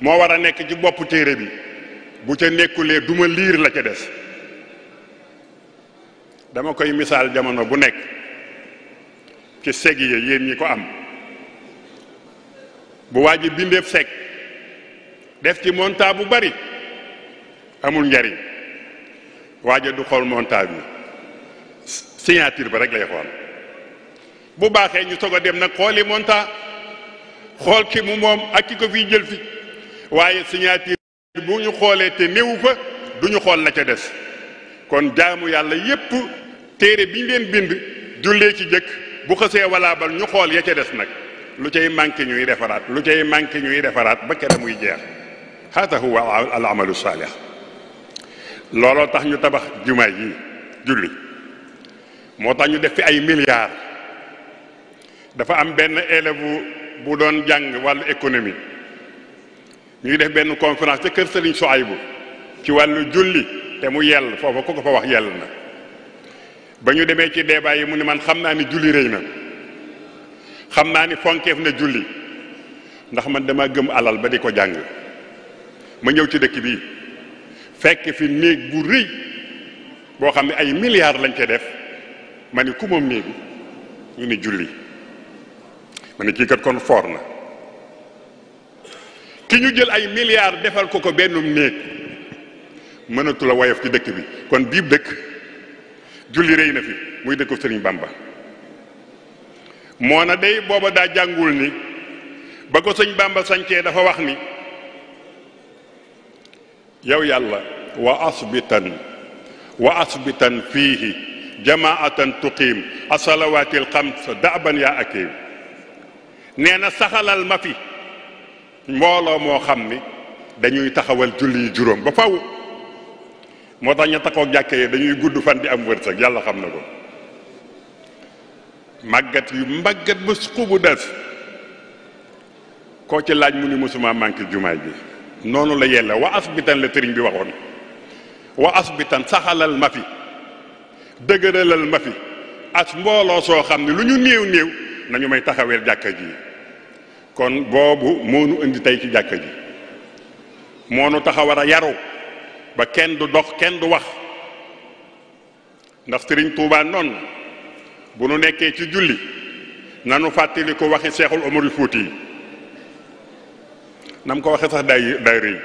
moo war a nekk ci bopp téere bi bu ca nekkulee duma liir la ca des dama koy misaal jamono bu nekk ci seg yi yéen ñi ko am bu waa ji bindeef seg def ci monta bu bari amul njariñ waaj ji du xool monta bi signature ba rek lay xool bu baaxee ñu soog dem nag xooli monta xool ki mu moom ak ki ko fiy jël fi waaye signature bu ñu xoolee te néewu fa du ñu xool la ca des kon jaamu yàlla yépp téere bi ñu leen bind jullee ci jëkk bu xësee walaabal ñu xool ya ca des nag lu cay manqué ñuy defaraat lu cay manqué ñuy defaraat ba kere muy jeex haata huwa al amalu saalih looloo tax ñu tabax jumaa yi julli moo tax ñu def fi ay milliards dafa am benn élève bu doon jàng wàllu économie ñu ngi def benn conférence ca kër Serigne Souaïbou ci wàllu julli te mu yell foofa ku ko fa wax yell na ba ñu demee ci débat yi mu ne man xam naa ne julli rëy na xam naa ni fonkeef na julli ndax man dama gëm alal ba di ko jàng ma ñëw ci dëkk bi fekk fi néeg bu rëy boo xam ne ay milliards lañ ca def ma ni ku moom néeg ñu ni julli ma ne kii kat kon foor na ki ñu jël ay milliards defal ko ko bennum néeg mënatu la woyof ci dëkk bi kon biib dëkk julli rëy na fi muy dëkku Sëriñ Bamba moo na day booba daa jàngul ni ba ko sëñ Bamba sancee dafa wax ni yow yàlla wa asbitan wa asbitan fiihi jamaatan tuqiim asalawaati alxams daaban yaa akim nee na saxalal ma fi mbooloo moo xam ni dañuy taxawal julli yi juróom ba faw moo tax ña takkook jàkke yi dañuy gudd fan di am wërsëg yàlla xam na ko màggat yu màggat ba xubu des koo ci laaj mu ni mosuma manqué jumaay bi noonu la yella wa asbitan la tëriñ bi waxoon wa asbitan saxalal ma fi dëgëralal ma fi as mbooloo soo xam ne lu ñu néew néew nañu may taxaweel jàkka ji kon bobu moo indi tay ci jàkka ji moo taxawara yaro ba kenn du dox kenn du wax ndax serigne touba non bu nu nekké ci julli nanu fàttali ko waxe cheikhul omar fouti nam ko waxe sax day day rëy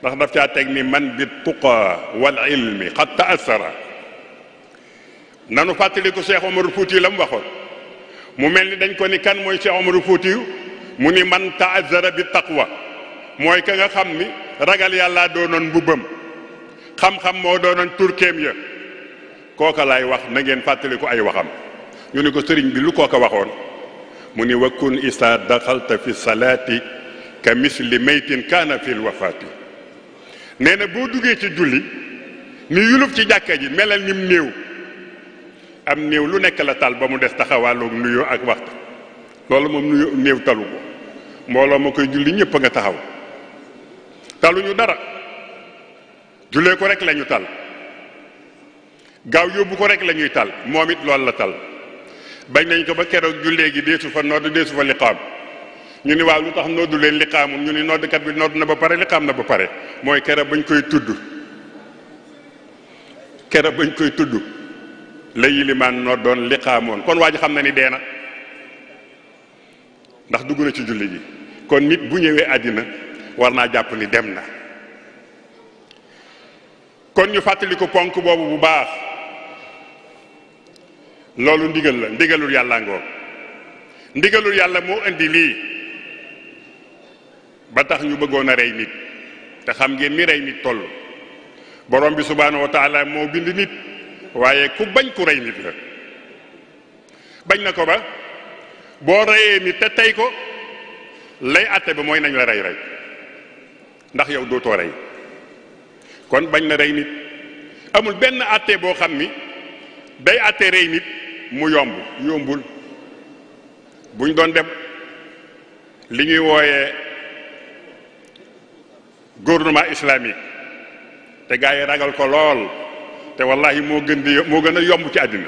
ndax daf ca tek ni man bi tuqa wal ilmi qad taassara nanu fàttali ko cheikh omar fouti lam waxo mu melni mu dañ ko ni kan moy cheikh omar fouti mu ni man taazara bi taqwa mooy ka nga xam ni ragal yàllaa doonoon mbubbam xam-xam moo doonoon turkeem ya kooka laay wax na ngeen fàttaliku ay waxam ñu ni ko sëriñ bi lu ko waxoon mu ni wa kun isaa daxalta fi salaati ka misli maytin kaana fil wafaati nee boo duggee ci julli ni yuluf ci jàkka ji melal nim néew am néew lu nekk la tal ba mu des taxawaaloo nuyoo ak waxtu loolu moom nuyoo néew talu ko mbolo mo koy julli ñepp nga taxaw taluñu dara jullee ko rek lañu tal gaaw yobbu ko rek lañuy tal momit lool la tal bañ nañ ko ba kéro jullee gi deesu fa nodd deesu fa liqam ñu ni waaw lu tax noddu leen liqam ñu ni kat bi nodd na ba paré liqam na ba paré moy kéro bañ koy tuddu kéro bañ koy tuddu kon waji xamna ni deena ndax duguna ci julli ji kon nit bu ñëwee àddina war naa jàpp ni dem na kon ñu fàttali ko ponk boobu bu baax loolu ndigal la ndigalul yàlla ngoo ndigalul yàlla moo indi lii ba tax ñu bëggoon a rey nit te xam ngeen ni rey nit toll borom bi subhaanahu wa moo bind nit waaye ku bañ ku rey nit la bañ na ko ba boo reyee nit te tey ko lay àtte bi mooy nañ la rey rey ndax yow dootoo rey kon bañ na rey nit amul benn àtte boo xam ni day àtte rey nit mu yomb yombul buñ doon dem li ñuy wooye gouvernement islamique te gaa yi ragal ko lool te wallahi moo gën di moo gën a yomb ci àddina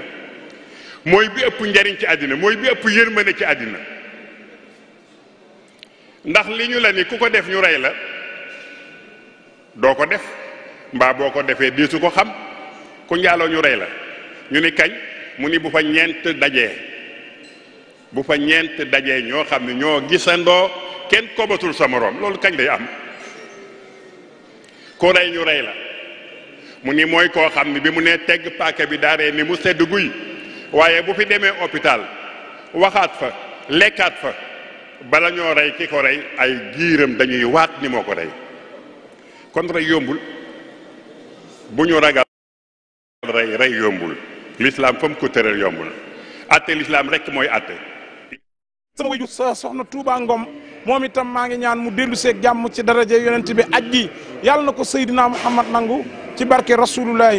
mooy bi ëpp njariñ ci àddina mooy bi ëpp yërmande ci àddina ndax li ñu la ni ku ko def ñu rey la doo ko def mbaa boo ko defee diisu ko xam ku njaaloo ñu rey la ñu ni kañ mu ni bu fa ñeent dajee bu fa ñeent dajee ñoo xam ne ñoo gisandoo kenn kobatul sa moroom loolu kañ lay am ku rey ñu rey la mu ni mooy koo xam ne bi mu nee tegg paaka bi daaree ni mu sedd guy waaye bu fi demee hôpital waxaat fa lekkaat fa bala ño ray kiko ray ay giiram dañuy wat ni moko ray kon ray yombul buñu ragal ray ray yombul l'islam fam ko yombul até l'islam rek moy até sama wayu sa soxna Touba Ngom moom itam maa ngi ñaan mu delu seeg jamm ci daraaje yonenti bi aj gi nako sayyidina Muhammad nangu ci barke rasulullah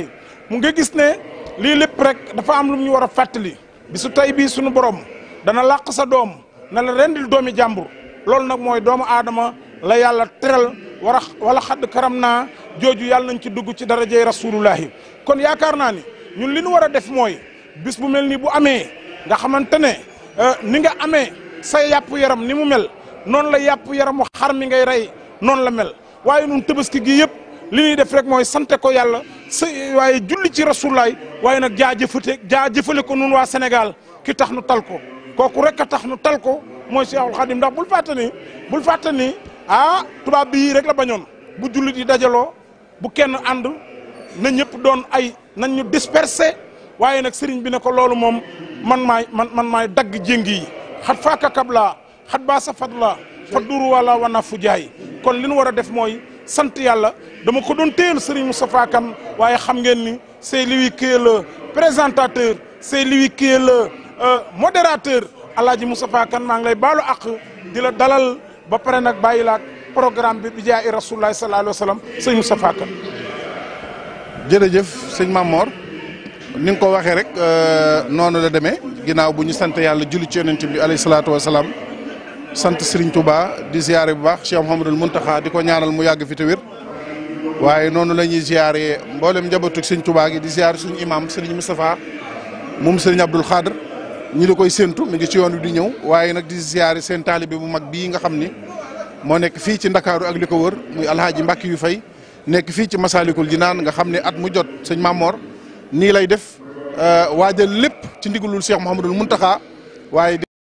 mu nga gis ne li lepp rek dafa am lu ñu wara fatali bisu tay bi suñu borom dana laq sa dom na la rendil doomi jàmbur loolu nag mooy doomu aadama la yàlla teral war a wala xadd karam naa jooju yàlla nañ ci dugg ci darajey rasulullahi kon yaakaar naa ni ñun li nu war a def mooy bis bu mel nii bu amee nga xamante ne euh, ni nga amee say yàpp yaram ni mu mel noonu la yàpp yaramu xar mi ngay rey noonu la mel waaye ñun tabaski gi yëpp li ñuy def rek mooy sante ko yàlla sa waaye julli ci rasulullahi waaye nag jaajëfate jaajëfale ko nun waa Sénégal ki tax nu tal ko kooku rek a tax nu tal ko mooy Seexul Xadim ndax bul fàtte bul fàtte ah tubaab bii rek la bañoon bu jullit yi dajaloo bu kenn ànd na ñëpp doon ay nañ ñu dispersé waaye nag sëriñ bi ne ko loolu moom man maay man man maay dagg jéngi yi xat kabla xat baa sa fadla fa wala wana fu jaay kon li nu war a def mooy sant yàlla dama ko doon téyel sëriñ Moustapha Kane waaye xam ngeen ni c'est lui qui est le présentateur c'est lui qui est le Euh, modérateur alaaji Moustapha Kane maa ngi lay balo ak di la dalal ba pare nag bàyyi laak programme bi bi jaay rasulullahi sallallahu alayhi wa sallam sëñ Moustapha Kane jërëjëf sëñ Mamor ni nga ko waxee rek euh, noonu la demee ginnaaw bu ñu sant yàlla julli ci yonent bi alayhi salaatu wa salaam sant Serigne Touba di ziare bu baax Cheikh Mouhamadul Mountakha di ko ñaanal mu yàgg fi te wér waaye noonu la ñuy ziare mboolem njabootu Serigne Touba gi di ziare suñu imam Serigne Moustapha moom Serigne Abdoul Khadr ñi di koy séentu mi ngi ci yoon wi di ñëw waaye nag di ziyaare seen taalibe bu mag bii nga xam ni moo nekk fii ci ndakaaru ak li ko wër muy alhaaji mbàkki yu fay nekk fii ci masalikul naan nga xam ne at mu jot sëñ Mamor nii lay def euh, waajal lépp ci ndigalul Cheikh Mouhamadul taxa waaye